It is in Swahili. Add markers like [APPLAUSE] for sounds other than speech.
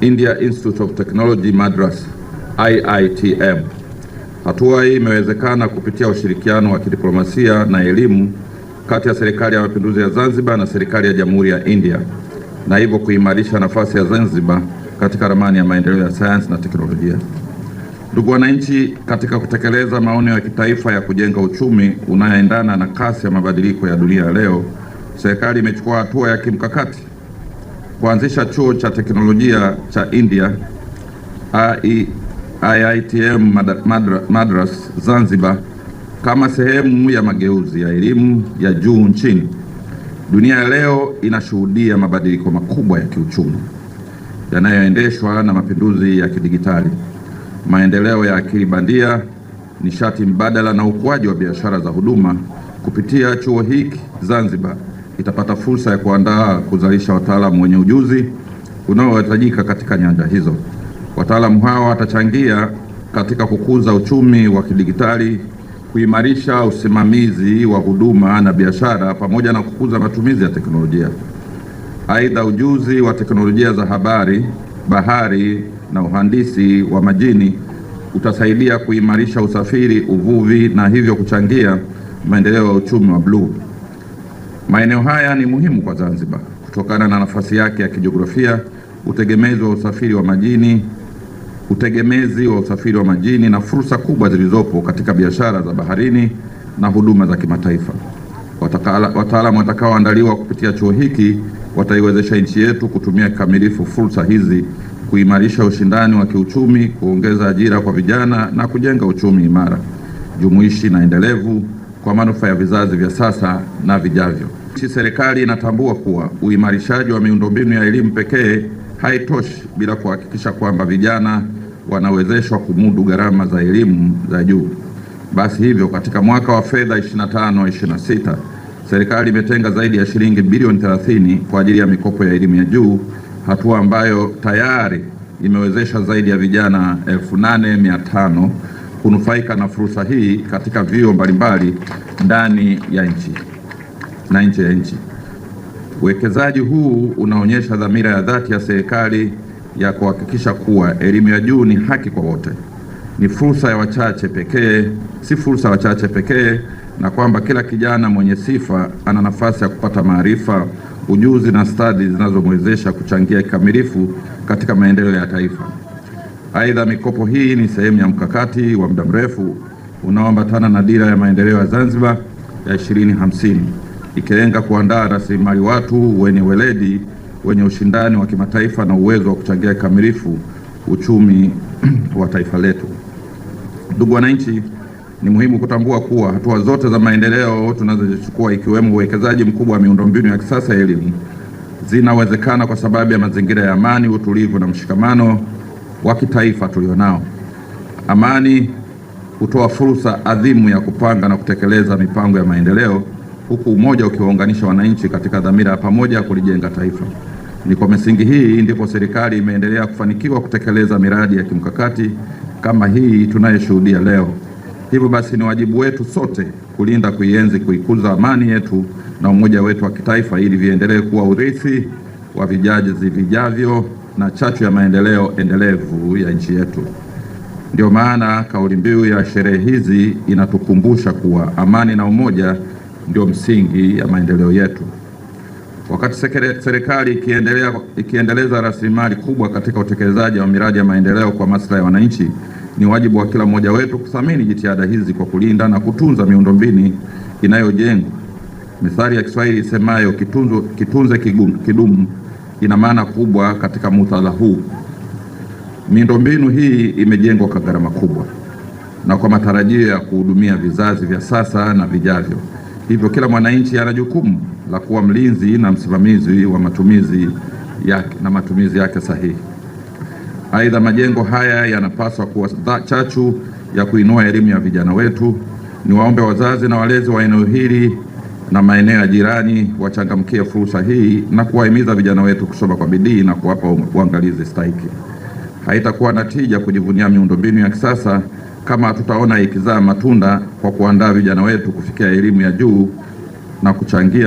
India Institute of Technology Madras IITM. Hatua hii imewezekana kupitia ushirikiano wa kidiplomasia na elimu kati ya serikali ya mapinduzi ya Zanzibar na serikali ya Jamhuri ya India na hivyo kuimarisha nafasi ya Zanzibar katika ramani ya maendeleo ya sayansi na teknolojia. Ndugu wananchi, katika kutekeleza maono ya kitaifa ya kujenga uchumi unayoendana na kasi ya mabadiliko ya dunia leo, serikali imechukua hatua ya kimkakati kuanzisha chuo cha teknolojia cha India IITM Madras Zanzibar kama sehemu ya mageuzi ya elimu ya juu nchini. Dunia ya leo inashuhudia mabadiliko makubwa ya kiuchumi yanayoendeshwa na mapinduzi ya kidigitali, maendeleo ya akili bandia, nishati mbadala na ukuaji wa biashara za huduma. Kupitia chuo hiki Zanzibar itapata fursa ya kuandaa kuzalisha wataalamu wenye ujuzi unaohitajika katika nyanja hizo. Wataalamu hawa watachangia katika kukuza uchumi wa kidigitali, kuimarisha usimamizi wa huduma na biashara, pamoja na kukuza matumizi ya teknolojia. Aidha, ujuzi wa teknolojia za habari, bahari na uhandisi wa majini utasaidia kuimarisha usafiri, uvuvi na hivyo kuchangia maendeleo ya uchumi wa bluu. Maeneo haya ni muhimu kwa Zanzibar kutokana na nafasi yake ya kijiografia, utegemezi wa usafiri wa majini, utegemezi wa usafiri wa majini na fursa kubwa zilizopo katika biashara za baharini na huduma za kimataifa. Wataalamu watakaoandaliwa kupitia chuo hiki wataiwezesha nchi yetu kutumia kikamilifu fursa hizi kuimarisha ushindani wa kiuchumi, kuongeza ajira kwa vijana na kujenga uchumi imara, jumuishi na endelevu kwa manufaa ya vizazi vya sasa na vijavyo. Serikali inatambua kuwa uimarishaji wa miundombinu ya elimu pekee haitoshi bila kuhakikisha kwamba vijana wanawezeshwa kumudu gharama za elimu za juu. Basi hivyo katika mwaka wa fedha 25 26 serikali imetenga zaidi ya shilingi bilioni 30 kwa ajili ya mikopo ya elimu ya juu, hatua ambayo tayari imewezesha zaidi ya vijana 8500 kunufaika na fursa hii katika vyuo mbalimbali ndani ya nchi na nje ya nchi. Uwekezaji huu unaonyesha dhamira ya dhati ya serikali ya kuhakikisha kuwa elimu ya juu ni haki kwa wote, ni fursa ya wachache pekee, si fursa ya wachache pekee, na kwamba kila kijana mwenye sifa ana nafasi ya kupata maarifa, ujuzi na stadi zinazomwezesha kuchangia kikamilifu katika maendeleo ya taifa. Aidha, mikopo hii ni sehemu ya mkakati wa muda mrefu unaoambatana na dira ya maendeleo ya Zanzibar ya 2050 ikilenga kuandaa rasilimali watu wenye weledi wenye ushindani wa kimataifa na uwezo wa kuchangia kikamilifu uchumi [CLEARS THROAT] wa taifa letu. Ndugu wananchi, ni muhimu kutambua kuwa hatua zote za maendeleo tunazozichukua ikiwemo uwekezaji mkubwa wa miundombinu ya kisasa ya elimu zinawezekana kwa sababu ya mazingira ya amani, utulivu na mshikamano wa kitaifa tulionao. Amani hutoa fursa adhimu ya kupanga na kutekeleza mipango ya maendeleo huku umoja ukiwaunganisha wananchi katika dhamira ya pamoja ya kulijenga taifa. Ni kwa misingi hii ndipo serikali imeendelea kufanikiwa kutekeleza miradi ya kimkakati kama hii tunayoshuhudia leo. Hivyo basi, ni wajibu wetu sote kulinda, kuienzi, kuikuza amani yetu na umoja wetu wa kitaifa ili viendelee kuwa urithi wa vijazi vijavyo na chachu ya maendeleo endelevu ya nchi yetu. ndio maana kauli mbiu ya sherehe hizi inatukumbusha kuwa amani na umoja ndio msingi ya maendeleo yetu. Wakati serikali ikiendelea ikiendeleza rasilimali kubwa katika utekelezaji wa miradi ya maendeleo kwa maslahi ya wananchi, ni wajibu wa kila mmoja wetu kuthamini jitihada hizi kwa kulinda na kutunza miundombinu inayojengwa. Mithali ya Kiswahili isemayo kitunzo, kitunze kidumu ina maana kubwa katika muktadha huu. Miundombinu hii imejengwa kwa gharama kubwa na kwa matarajio ya kuhudumia vizazi vya sasa na vijavyo. Hivyo kila mwananchi ana jukumu la kuwa mlinzi na msimamizi wa matumizi yake, na matumizi yake sahihi. Aidha, majengo haya yanapaswa kuwa chachu ya kuinua elimu ya vijana wetu. Ni waombe wazazi na walezi wa eneo hili na maeneo ya jirani wachangamkie fursa hii na kuwahimiza vijana wetu kusoma kwa bidii na kuwapa uangalizi stahiki. Haitakuwa na tija kujivunia miundombinu ya kisasa kama hatutaona ikizaa matunda kwa kuandaa vijana wetu kufikia elimu ya juu na kuchangia